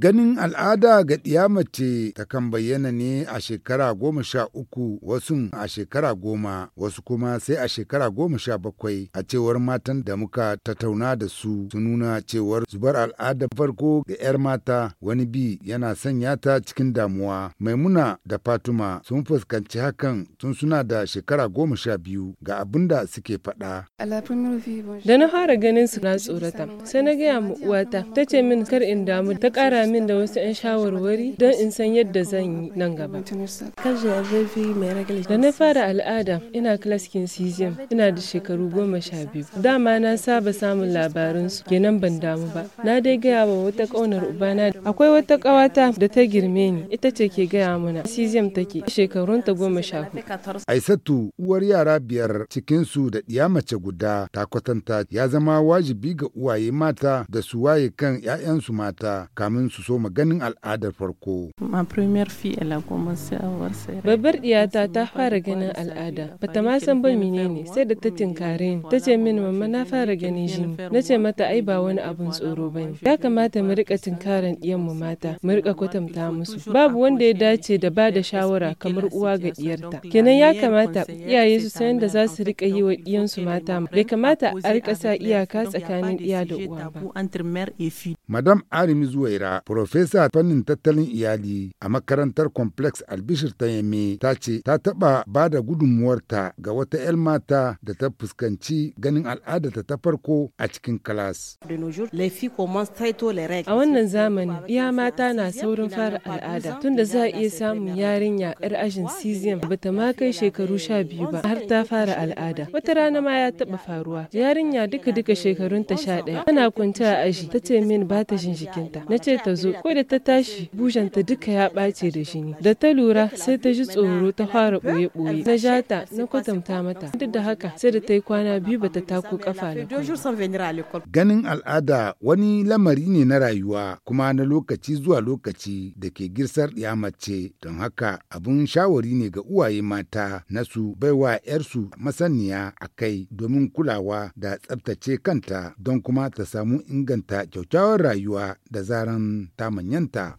Ganin al'ada ga ɗiya ta kan bayyana ne a shekara goma sha uku wasu a shekara goma wasu kuma sai a shekara goma sha bakwai a cewar matan da muka tattauna da su su nuna cewar zubar al'ada farko ga 'yar mata wani bi yana sanya ta cikin damuwa. Maimuna da Fatuma sun fuskanci hakan tun suna da shekara goma sha biyu ga abin da suke faɗa. Da na fara ganin su na tsorata sai na gaya ma uwata ta ce min kar in damu ta ƙara min da wasu 'yan shawarwari don in san yadda zan yi nan gaba. Da na fara al'ada ina klaskin cesium ina da shekaru goma sha biyu. Dama na saba samun labaransu kenan ban damu ba. Na dai gaya wa wata ƙaunar ubana akwai wata ƙawata da ta girme ni ita ce ke gaya mana cesium take ta goma sha hudu. Aisatu uwar yara biyar cikinsu da ɗiya mace guda ta kwatanta ya zama wajibi ga uwaye mata da su waye kan 'ya'yansu mata kamin su su so maganin al'adar farko. Babbar ɗiyata ta fara ganin al'ada, bata ma san ba menene sai da ta tinkare ni. Ta ce min mamma na fara ganin jini. Na ce mata ai ba wani abun tsoro ba ne. Ya kamata mu rika tinkaran mu mata, mu rika kwatanta musu. Babu wanda ya dace da ba da shawara kamar uwa ga ɗiyarta. Kenan ya kamata iyaye su san da za su rika yi wa ɗiyansu mata. Bai kamata a rika sa iyaka tsakanin ɗiya da uwa ba. Madam Arimi Zuwaira Profesa fannin tattalin iyali a makarantar Complex Albishir ta Yame ta ce ta taɓa ba da gudunmuwarta ga wata 'yar mata da ta fuskanci ganin al'adarta ta farko a cikin kalas. A wannan zamani, ya mata na saurin fara al'ada tunda za a iya samun yarinya 'yar ajin cesium ba ta makai shekaru sha biyu ba har ta fara al'ada. Wata rana ma ya taɓa faruwa. Yarinya duka-duka shekarunta sha ɗaya. Tana kwance a aji ta ce min ba ta jikinta. Na ce ta zo ko da ta tashi bujanta duka ya ɓace da shi ne da ta lura sai ta ji tsoro ta fara ɓoye ɓoye na jata na kwatanta mata duk da haka sai da ta yi kwana biyu bata tako kafa na ganin al'ada wani lamari ne na rayuwa kuma na lokaci zuwa lokaci da ke girsar ya mace don haka abun shawari ne ga uwaye mata na su baiwa 'yarsu masaniya a kai domin kulawa da tsabtace kanta don kuma ta samu inganta kyaukyawar rayuwa da zaran ta manyanta.